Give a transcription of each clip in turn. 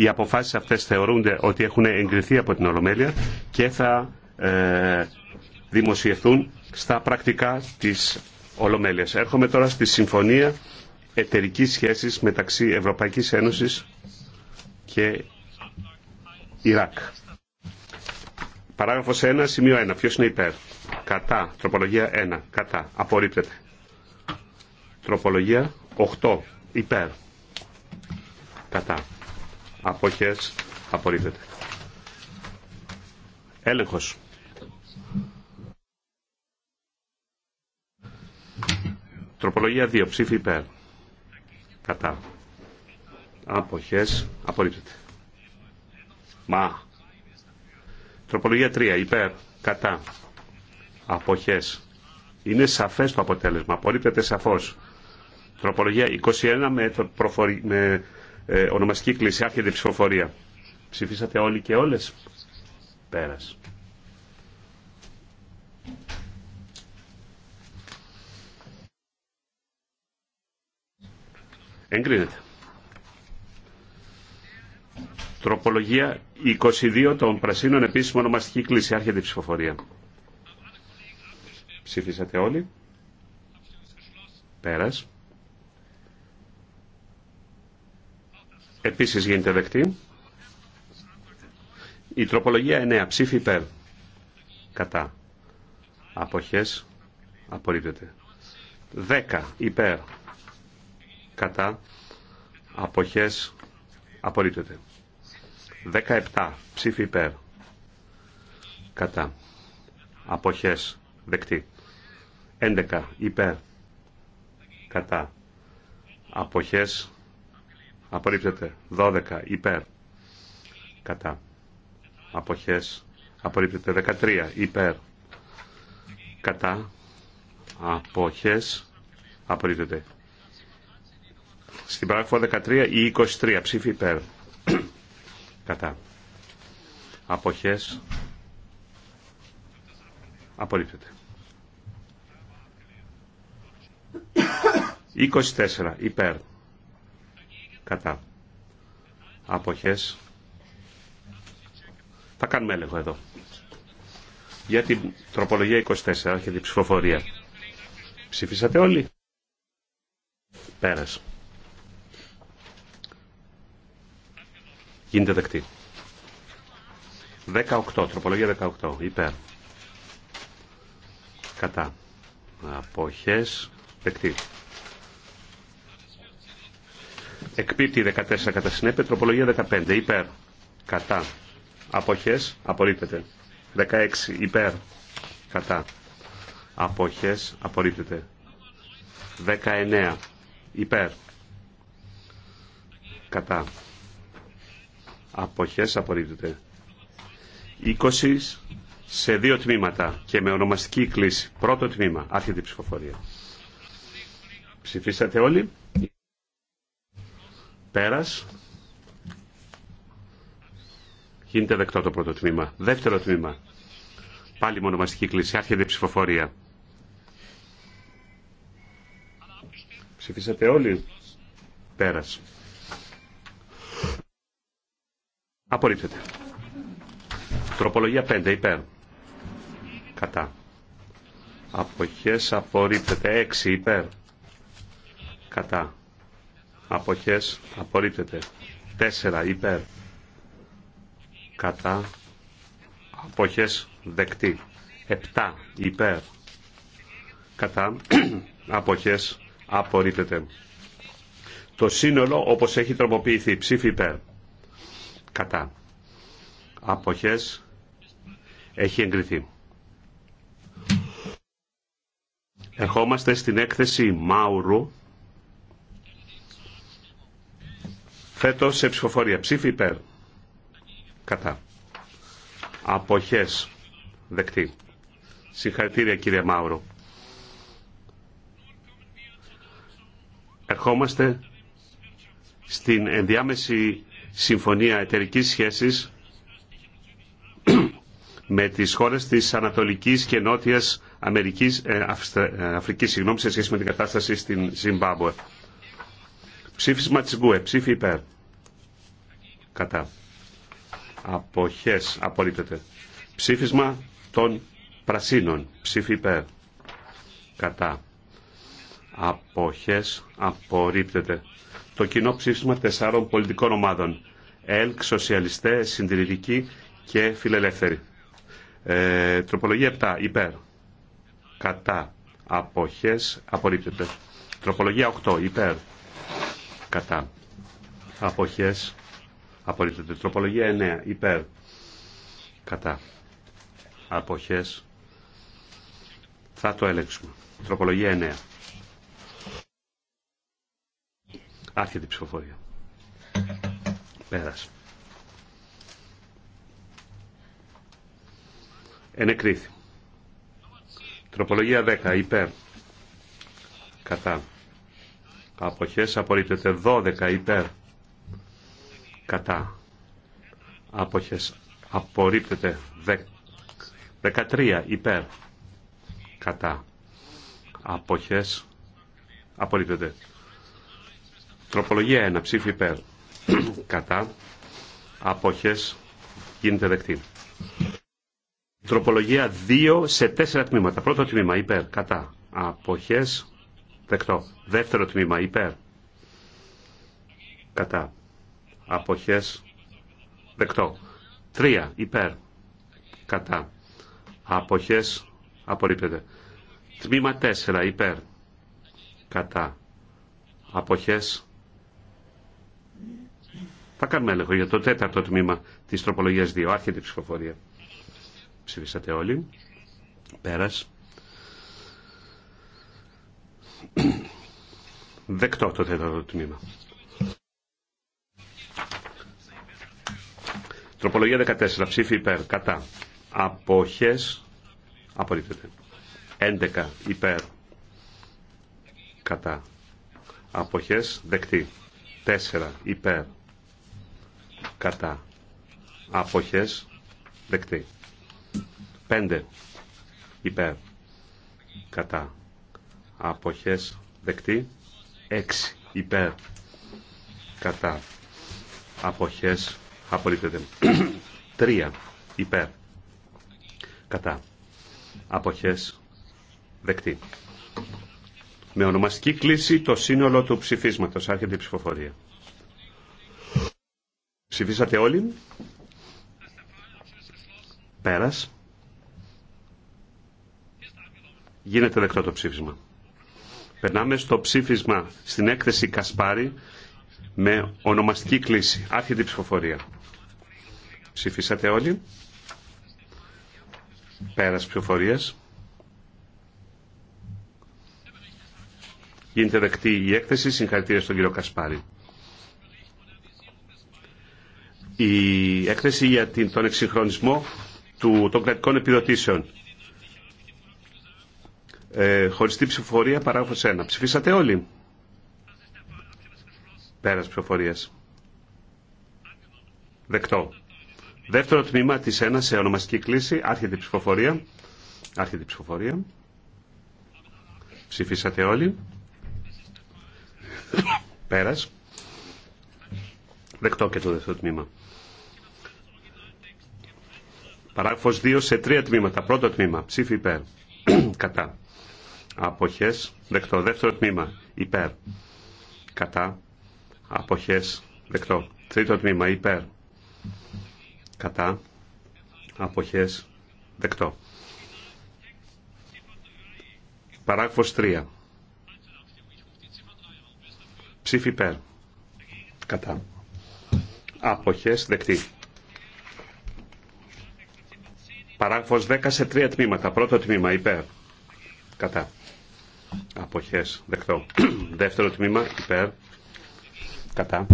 οι αποφάσεις αυτές θεωρούνται ότι έχουν εγκριθεί από την Ολομέλεια και θα ε, δημοσιευθούν στα πρακτικά της Ολομέλειας. Έρχομαι τώρα στη Συμφωνία Εταιρικής Σχέσης μεταξύ Ευρωπαϊκής Ένωσης και Ιράκ. Παράγραφος 1, σημείο 1. Ποιος είναι υπέρ. Κατά. Τροπολογία 1. Κατά. Απορρίπτεται. Τροπολογία 8. Υπέρ. Κατά αποχές απορρίπτεται. Έλεγχος. Τροπολογία 2. Ψήφι υπέρ. Κατά. Αποχές. Απορρίπτεται. Μα. Τροπολογία 3. Υπέρ. Κατά. Αποχές. Είναι σαφές το αποτέλεσμα. Απορρίπτεται σαφώς. Τροπολογία 21 με, προφορι... με ε, ονομαστική κλίση. Άρχεται ψηφοφορία. Ψηφίσατε όλοι και όλες. Πέρας. Εγκρίνεται. Τροπολογία 22 των Πρασίνων επίσημο ονομαστική κλίση. Άρχεται ψηφοφορία. Ψηφίσατε όλοι. Πέρας. Επίσης γίνεται δεκτή. Η τροπολογία 9. Ψήφι υπέρ. Κατά. Αποχές. Απορρίπτεται. 10. Υπέρ. Κατά. Αποχές. Απορρίπτεται. 17. Ψήφι υπέρ. Κατά. Αποχές. Δεκτή. 11. Υπέρ. Κατά. Αποχές απορρίπτεται 12 υπέρ κατά αποχές απορρίπτεται 13 υπέρ κατά αποχές απορρίπτεται στην παράγραφο 13 ή 23 ψήφι υπέρ κατά αποχές απορρίπτεται 24 υπέρ κατά αποχές θα κάνουμε έλεγχο εδώ για την τροπολογία 24 και την ψηφοφορία ψηφίσατε όλοι πέρας γίνεται δεκτή 18, τροπολογία 18, υπέρ κατά αποχές δεκτή Εκπίπτει 14 κατά συνέπεια, τροπολογία 15 υπέρ, κατά, αποχές, απορρίπτεται. 16 υπέρ, κατά, αποχές, απορρίπτεται. 19 υπέρ, κατά, αποχές, απορρίπτεται. 20 σε δύο τμήματα και με ονομαστική κλίση. Πρώτο τμήμα, άρχεται η ψηφοφορία. Ψηφίσατε όλοι. Πέρας. Γίνεται δεκτό το πρώτο τμήμα. Δεύτερο τμήμα. Πάλι μονομαστική κλίση. Άρχεται η ψηφοφορία. Ψηφίσατε όλοι. Πέρας. Απορρίπτεται. Τροπολογία 5 υπέρ. Κατά. Αποχές απορρίπτεται 6 υπέρ. Κατά αποχές απορρίπτεται 4 υπέρ κατά αποχές δεκτή 7 υπέρ κατά αποχές απορρίπτεται το σύνολο όπως έχει τροποποιηθεί ψήφι υπέρ κατά αποχές έχει εγκριθεί ερχόμαστε στην έκθεση Μάουρου Θέτω σε ψηφοφορία. Ψήφι υπέρ. Κατά. Αποχές. Δεκτή. Συγχαρητήρια κύριε Μάουρο. Ερχόμαστε στην ενδιάμεση συμφωνία εταιρικής σχέσης με τις χώρες της Ανατολικής και Νότιας Αμερικής, ε, ε, Αφρικής συγγνώμη, σε σχέση με την κατάσταση στην Ζιμπάμπουε. Ψήφισμα της Γκουε. Ψήφι υπέρ. Κατά. Αποχές. Απορρίπτεται. Ψήφισμα των Πρασίνων. Ψήφι υπέρ. Κατά. Αποχές. Απορρίπτεται. Το κοινό ψήφισμα τεσσάρων πολιτικών ομάδων. ΕΛΚ, Σοσιαλιστέ, Συντηρητικοί και Φιλελεύθεροι. Ε, τροπολογία 7. Υπέρ. Κατά. Αποχές. Απορρίπτεται. Τροπολογία 8. Υπέρ κατά αποχές απορρίπτεται. Τροπολογία 9 υπέρ κατά αποχές θα το ελέγξουμε. Τροπολογία 9. Άρχεται η ψηφοφορία. Πέρασε. Ενεκρίθη. Τροπολογία 10. Υπέρ. Κατά αποχές απορρίπτεται 12 υπέρ κατά αποχές απορρίπτεται 13 υπέρ κατά αποχές απορρίπτεται τροπολογία 1 ψήφι υπέρ κατά αποχές γίνεται δεκτή τροπολογία 2 σε 4 τμήματα πρώτο τμήμα υπέρ κατά αποχές Δεκτό. Δεύτερο τμήμα υπέρ. Κατά. Αποχές. Δεκτό. Τρία υπέρ. Κατά. Αποχές. Απορρίπτεται. Τμήμα τέσσερα. υπέρ. Κατά. Αποχές. Θα κάνουμε έλεγχο για το τέταρτο τμήμα της τροπολογίας 2. Άρχεται η ψηφοφορία. Ψηφίσατε όλοι. Πέρας. Δεκτό το τέταρτο τμήμα. Τροπολογία 14. Ψήφι υπέρ. Κατά. Αποχές. Απορρίπτεται. 11. Υπέρ. Κατά. Αποχές. Δεκτή. 4. Υπέρ. Κατά. Αποχές. Δεκτή. 5. Υπέρ. Κατά αποχές δεκτή 6 υπέρ κατά αποχές απορρίπτεται 3 υπέρ κατά αποχές δεκτή με ονομαστική κλίση το σύνολο του ψηφίσματος άρχεται η ψηφοφορία ψηφίσατε όλοι πέρας γίνεται δεκτό το ψήφισμα Περνάμε στο ψήφισμα στην έκθεση Κασπάρη με ονομαστική κλίση. Άρχεται η ψηφοφορία. Ψηφίσατε όλοι. Πέρας ψηφοφορίας. Γίνεται δεκτή η έκθεση. Συγχαρητήρια στον κύριο Κασπάρη. Η έκθεση για τον εξυγχρονισμό του, των κρατικών επιδοτήσεων. Ε, χωριστή ψηφοφορία, παράγραφος 1. Ψηφίσατε όλοι. Πέρας ψηφοφορίας. Δεκτό. Δεύτερο τμήμα της 1 σε ονομαστική κλίση. Άρχεται η ψηφοφορία. Άρχεται η ψηφοφορία. Ψηφίσατε όλοι. Πέρας. Δεκτό και το δεύτερο τμήμα. Παράγραφος 2 σε τρία τμήματα. Πρώτο τμήμα. Ψήφι υπέρ. Κατά αποχές δεκτό. Δεύτερο τμήμα υπέρ κατά αποχές δεκτό. Τρίτο τμήμα υπέρ κατά αποχές δεκτό. Παράγραφος 3. Ψήφι υπέρ. Κατά. Αποχές δεκτή. Παράγραφος 10 σε τρία τμήματα. Πρώτο τμήμα υπέρ. Κατά αποχές δεκτό δεύτερο τμήμα υπέρ κατά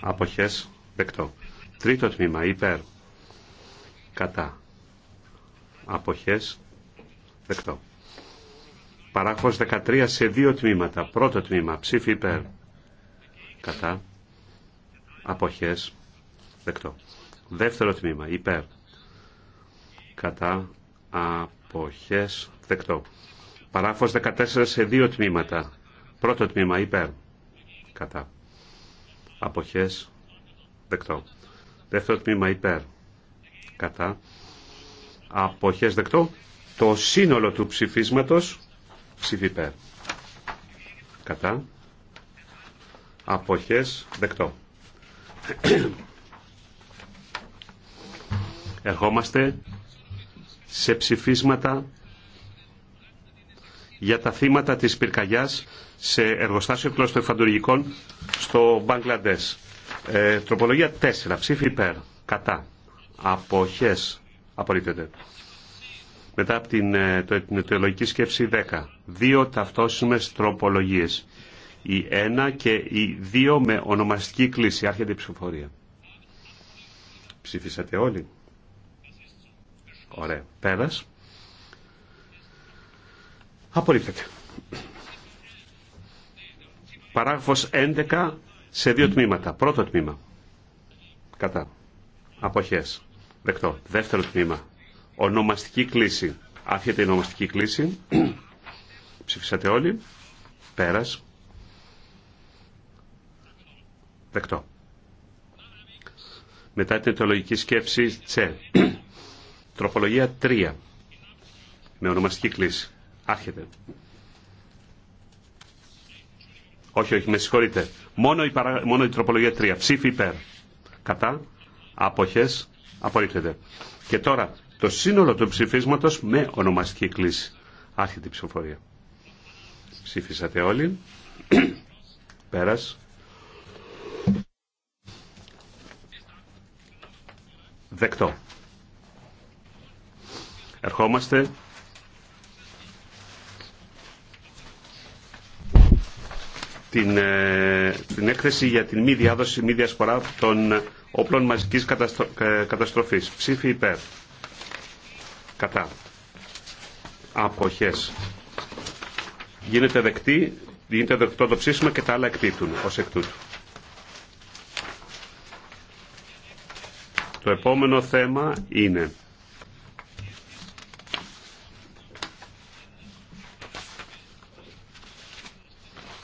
αποχές δεκτό τρίτο τμήμα υπέρ κατά αποχές δεκτό Παράχος 13 σε δύο τμήματα πρώτο τμήμα ψήφι υπέρ κατά αποχές δεκτό δεύτερο τμήμα υπέρ κατά αποχές δεκτό Παράγραφος 14 σε δύο τμήματα. Πρώτο τμήμα υπέρ. Κατά. Αποχές. Δεκτό. Δεύτερο τμήμα υπέρ. Κατά. Αποχές δεκτό. Το σύνολο του ψηφίσματος ψήφι υπέρ. Κατά. Αποχές δεκτό. Ερχόμαστε σε ψηφίσματα για τα θύματα της πυρκαγιάς σε εργοστάσιο εφαντουργικών στο Μπαγκλαντές. Ε, τροπολογία 4. Ψήφι υπέρ. Κατά. Αποχές. Απορρίπτεται. Μετά από την, ε, το, σκέψη 10. Δύο ταυτόσιμες τροπολογίες. Η 1 και η 2 με ονομαστική κλίση. Άρχεται η ψηφοφορία. Ψήφισατε όλοι. Ωραία. Πέρας. Απορρίπτεται. Παράγραφος 11 σε δύο τμήματα. Πρώτο τμήμα. Κατά. Αποχές. Δεκτό. Δεύτερο τμήμα. Ονομαστική κλίση. Άρχεται η ονομαστική κλίση. Ψηφίσατε όλοι. Πέρας. Δεκτό. Μετά την αιτιολογική σκέψη τσε. Τροπολογία 3. Με ονομαστική κλίση. Άρχεται. Όχι, όχι, με συγχωρείτε. Μόνο η, παρα... Μόνο η τροπολογία 3. Ψήφι υπέρ. Κατά. Αποχές. Απορρίπτεται. Και τώρα το σύνολο του ψηφίσματο με ονομαστική κλίση. Άρχεται η ψηφοφορία. Ψήφισατε όλοι. Πέρας. Δεκτό. Ερχόμαστε την, ε, την έκθεση για την μη διάδοση, μη διασπορά των όπλων μαζικής καταστρο, ε, καταστροφής. Ψήφι υπέρ. Κατά. Αποχές. Γίνεται δεκτή, γίνεται δεκτό το ψήσιμο και τα άλλα εκτίθουν ως εκ τούτου. Το επόμενο θέμα είναι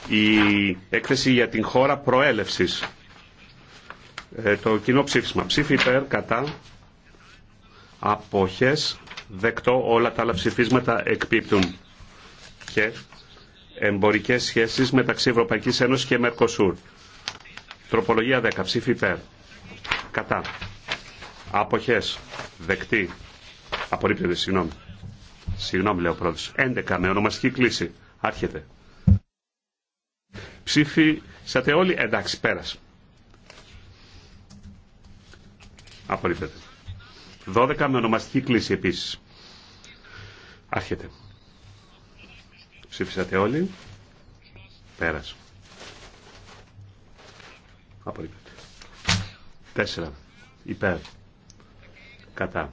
η έκθεση για την χώρα προέλευσης. Ε, το κοινό ψήφισμα. Ψήφι υπέρ, κατά, αποχές, δεκτό όλα τα άλλα ψηφίσματα εκπίπτουν. Και εμπορικές σχέσεις μεταξύ Ευρωπαϊκής Ένωσης και Μερκοσούρ. Τροπολογία 10. Ψήφι υπέρ. Κατά. Αποχές. Δεκτή. Απορρίπτεται, συγγνώμη. Συγγνώμη, λέω πρόεδρος, 11. Με ονομαστική κλίση. Άρχεται. Ψήφισατε όλοι. Εντάξει, πέρασε. Απορρίπτεται. 12 με ονομαστική κλίση επίσης. Άρχεται. Ψήφισατε όλοι. Πέρασε. Απορρίπτεται. Τέσσερα. Υπέρ. Κατά.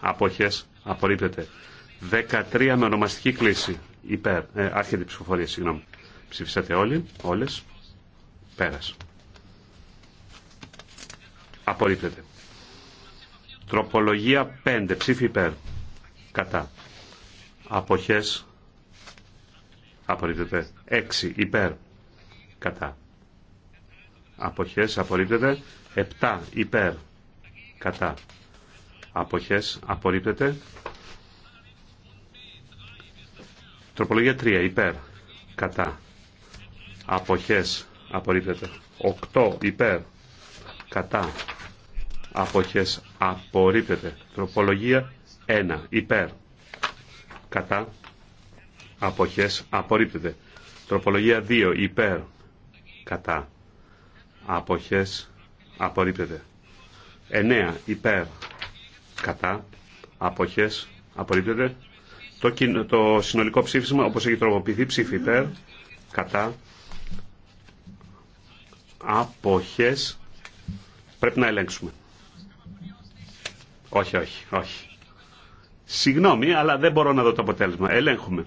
Απόχες. Απορρίπτεται. 13 με ονομαστική κλίση. Υπέρ. Ε, άρχεται η ψηφοφορία, συγγνώμη. Ψηφίσατε όλοι, όλες. Πέρας. Απορρίπτεται. Τροπολογία 5. Ψήφι υπέρ. Κατά. Αποχές. Απορρίπτεται. 6. Υπέρ. Κατά. Αποχές. Απορρίπτεται. 7. Υπέρ. Κατά. Αποχές. Απορρίπτεται. Τροπολογία 3. Υπέρ. Κατά αποχές απορρίπτεται 8 υπέρ κατά αποχές απορρίπτεται τροπολογία 1 υπέρ κατά αποχές απορρίπτεται τροπολογία 2 υπέρ κατά αποχές απορρίπτεται 9 υπέρ κατά αποχές απορρίπτεται το, το συνολικό ψήφισμα όπως έχει τροποποιηθεί ψήφι υπέρ κατά αποχές πρέπει να ελέγξουμε. Όχι, όχι, όχι. Συγγνώμη, αλλά δεν μπορώ να δω το αποτέλεσμα. Ελέγχουμε.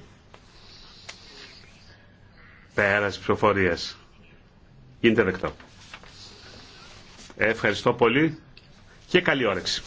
Πέρας ψηφοφορίας. Γίνεται δεκτό. Ευχαριστώ πολύ και καλή όρεξη.